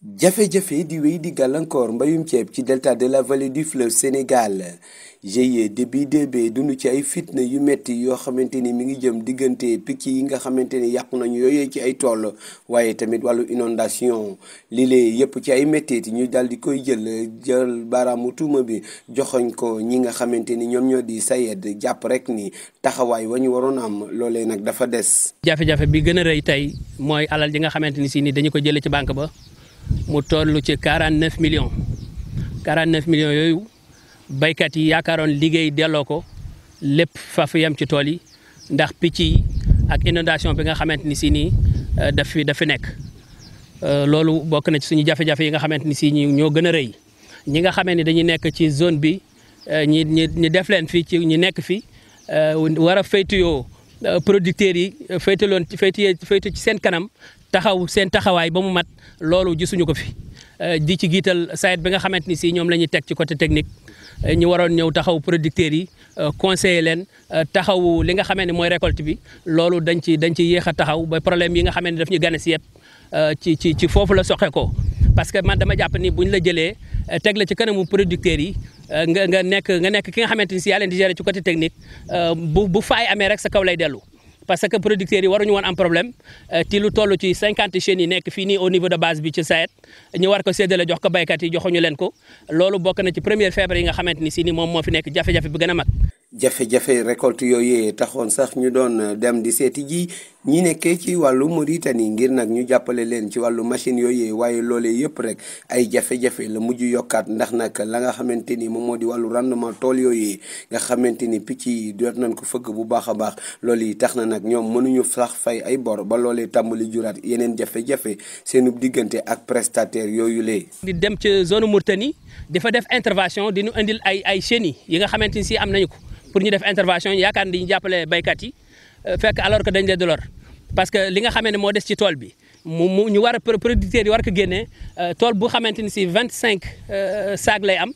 jafe-jafe di wéy di gàllankoor mbayum ceeb ci delta de la vallée du fleuve Sénégal GIE DBDB dund ci ay fitna yu metti yoo xamante ni mi ngi jëm diggante picc yi nga xamante ni yàqu nañu yooyee ci ay tool waaye tamit wàllu inondation lii yépp ci ay mettit ñu daal di koy jël jël baaraamu tuuma bi joxoñ ko ñi nga xamante ni ñoom ñoo di sayed jàpp rek nii taxawaay wa ñu waroon am loolee nag dafa des. jafe-jafe bi gën a rëy tey mooy alal ji nga xamante ni si ni dañu ko jëlee ci banque ba. mu toll ci 49 millions 49 millions yooyu baykat yi yaakaaroon liggéey delloo ko lépp ci tool ndax ak inondation bi nga xamante ni si nii euh, daf fi daf fi nekk euh, loolu bokk na ci suñu jafe nga si a ñi nga ni dañuy ci zone bi ñi fi a producteurs yi feytu ci seen taxaw seen taxawaay ba mu mat loolu gisuñu ko fi euh, di ci giital sayet bi nga xamante ni si ñoom la ñuy teg ci côté technique euh, ñu waroon ñëw taxaw producteurs yi euh, conseiller leen taxaw li nga xamee ne mooy récolte bi loolu dañ ci dañ ci yéex a taxaw ba problème yi nga xamee daf ñu gane si yëpp ci ci ci foofu la soxe ko parce que man dama jàpp ni buñ la jëlee teg la ci kanamu producteurs yi nga nga nekk nga nekk ki nga xamante ni si yaa di gérer ci côté technique bu bu faay amee rek sa kaw lay dellu parce que producteurs yi waruñu woon am problème euh, ci lu toll ci cinquante chaînes yi nekk fii ni au niveau de base bi ci SAED ñu war ko séddale jox ko béykat yi joxuñu leen ko loolu bokk na ci première feebar yi nga xamante ni si ni moom moo fi nekk jafe-jafe bi gën a mag. jafe-jafe récolte yooyu taxoon sax ñu doon euh, dem di seeti jii ñi nekkee ci wàllu yi ngir nag ñu jàppale leen ci wàllu machine yooyu waaye loole yëpp rek ay jafe-jafe la mujj yokkaat ndax nag la nga xamante ni moom moo di wàllu rendement tool yooyu nga xamante ni picc yi doot nañ ko fëgg bu baax a baax loolu yi tax na nag ñoom mënuñu sax fay ay bor ba loolee tàmbali juraat yeneen jafe-jafe diggante ak prestataire yooyu lee. di dem ci zone Mauritanie dafa def intervention di ñu indil ay ay chenilles yi nga xamante ni si am nañu ko pour ñu def intervention yaakaar nañu jàppale baykat yi. Euh, fekk alors que dañ leen di lor parce que li nga xamee ne moo des ci tool bi mu mu ñu war a producteurs yi war ko génnee euh, tool bu xamante ni si vingt cinq euh, saag lay am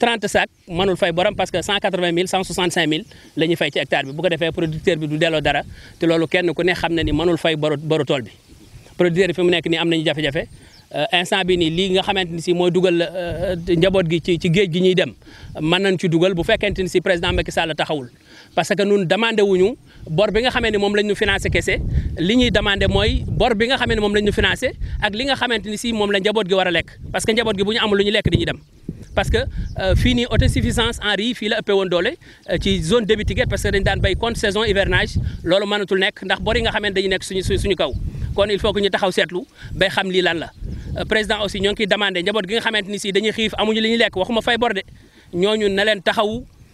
trente sac mënul fay borom parce que cent quatre vingt mille cent soixante cinq mille la ñuy fay ci hectare bi bu ko defee producteur bi du delloo dara te loolu kenn ku ne xam na ni mënul fay boru boru tool bi producteur bi fi mu nekk nii am nañu jafe-jafe instant bi nii lii nga xamante ni si mooy dugal njaboot gi ci ci géej gi ñuy dem mën nañ ci dugal bu fekkente ni si président Macky Sall taxawul parce que nous demandons wuñu bor bi nga xamee mom lañu financer ñu financé kese li ñuy demandé mooy bor bi nga xamee mom lañu financer ak li nga xamante si la njabot gi wara lek parce que njabot gi buñu ñu amul lu ñu dem parce que euh, fini autosuffisance en riz fi la ëppee woon euh, ci zone débitiguette parce que dañ daan bay compte saison hivernage loolu manatul nek ndax bor yi nga xamante dañu nek suñu suñu kaw kon il faut que ñu taxaw setlu bay xam li lan la euh, président aussi ñoo ki koy demandé njaboot gi nga xamante ni si dañuy xiif amuñu li lek waxuma fay bor de ñooñu na leen taxawu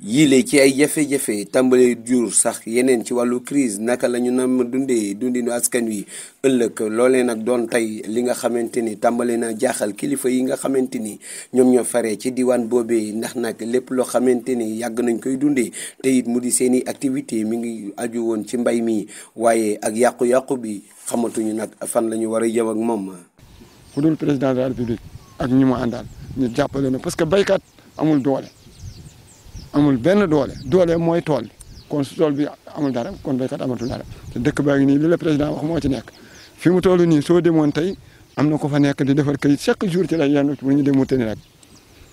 yii yiile ci ay jafe-jafe tàmbale jur sax yeneen ci wàllu crise naka la ñu nam dundee dundinu askan wi ëllëg loolee nag doon tey li nga xamante ni tàmbale na jaaxal kilifa yi nga xamante ni ñoom ñoo faree ci diwaan boobee ndax nag lépp loo xamante ni yàgg nañ koy dundee te it mu di seen i activité mi ngi aju woon ci mbay mi waaye ak yàqu-yàqu bi xamatuñu nag fan la ñu war a jëm ak moom. ku dul président de la république ak ñu mu àndal ñu jàppale na parce que baykat amul doole. amul benn doole doole mooy tool kon su tool bi amul dara kon béykat amatul dara te dëkk baa ngi nii li la président wax moo ci nekk fi mu toll ni soo demoon tey am na ko fa nekk di defar kayit chaque jour ci la yenn bu ñu dem tëni rek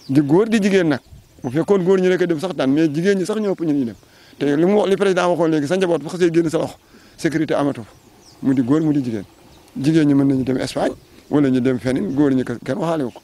di góor di jigéen nag bu fekkoon góor ñi rek a dem sax daan mais jigéen ñi sax ñoo ëpp ñu ñuy dem te li mu wax li président waxoon léegi sa njaboot bu xasee génn sa loxo sécurité amatu mu di góor mu di jigéen jigéen ñi mën nañu dem Espagne wala ñu dem feneen góor ñi kenn waxaale ko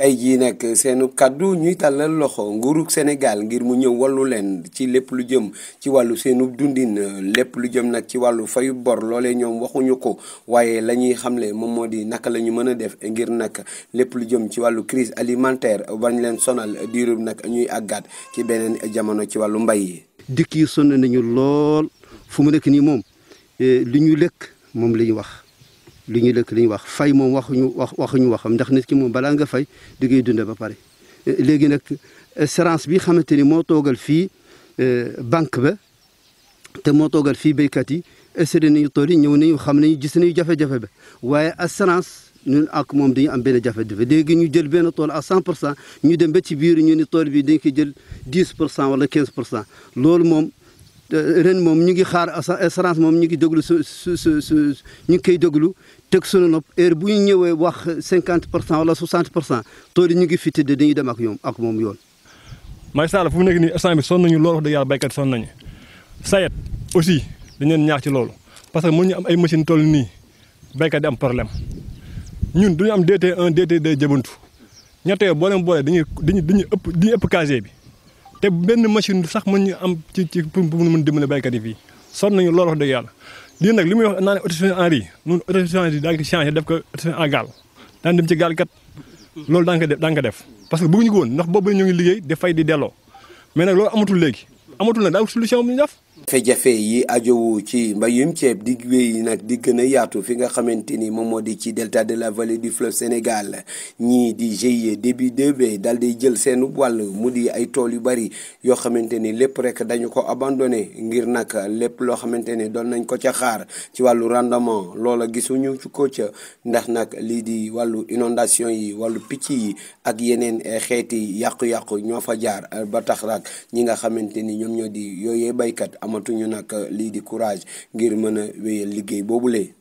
ay jii nag seenu kàddu ñuy tàllal loxo nguuru Sénégal ngir mu ñëw wallu leen ci lépp lu jëm ci wàllu seenu dundin lépp lu jëm nag ci wàllu fayu bor loole ñoom waxuñu ko waaye la ñuy xamle moom moo di naka lañu ñu mën a def ngir nag lépp lu jëm ci wàllu crise alimentaire bañ leen sonal diirub nag ñuy àggaat ci beneen jamono ci wàllu mbay yi. dëkk yi sonn nañu lool fu mu nekk nii moom eh, li ñu lëkk moom la wax. lu ñuy dëkk li ñuy wax fay moom waxuñu wax waxuñu waxam ndax nit ki moom balaa nga fay di ngay dunde ba pare léegi nag assurance bi xamante ni moo toogal fii euh, banque ba te moo toogal fii béykat yi essayé nañu tool yi ñëw nañu xam nañu gis nañu jafe-jafe ba waaye assurance ñun ak moom dañu am benn jafe-jafe ñu jël benn tool à 100 pour cent ñu dem ba ci biir ñu ni tool bi dañ koy jël 10 pour cent wala 15 pour cent loolu moom euh, ren moom ñu ngi xaar assurance moom ñu ngi déglu su su ñu ngi koy déglu teg sunu nopp heure bu ñu ñëwee wax 50 pour cent wala 60 pour cent tool yi ñu ngi fi tëdd dañuy dem ak ñoom ak moom yoon. may Sall fu mu nekk nii instant bi sonn nañu loolu wax dëgg yàlla béykat sonn nañu sayet aussi dañu leen ñaax ci loolu parce que mën am ay machine toll nii béykat di problème ñun duñu am DT1 DT2 jëbantu ñettee boo leen boolee dañuy dañuy dañuy ëpp dañuy ëpp casier bi te benn machine sax mën ñu am ci ci pour mën dimbale béykat yi fii sonn nañu loolu wax yàlla lii nag li muy wax naan autosuffisance en riz ñun autosuffisance yi daañu ko changé def ko autosuffisance en gaal daan dem ci kat loolu daan ko def daan def parce que bëgguñu ko woon ndax boobu ñu ngi liggéey fay di delloo mais nag loolu amatul léegi amatul nag daa solution bu ñu def jafe yi ajowoo ci mbayum ceeb di nak nag di fi nga xamanteni modi ci delta de la vallée du fleuve Sénégal ñi di GIE début de b dal di jël senu wàll mu ay tool yu bari yo xamanteni lepp rek dañu ko abandonné ngir nak lepp lo xamanteni ni doon nañ ko ci xaar ci walu rendement loola gisunu ci ko ca ndax nak li di walu inondation yi walu picc yi ak yenen eh, xeeti yaq yàqu ñoo fa jaar ba tax rak ñi nga xamanteni ñom ñoo baykat amatuñu nag lii di courage ngir mën a wéyal liggéey boobule.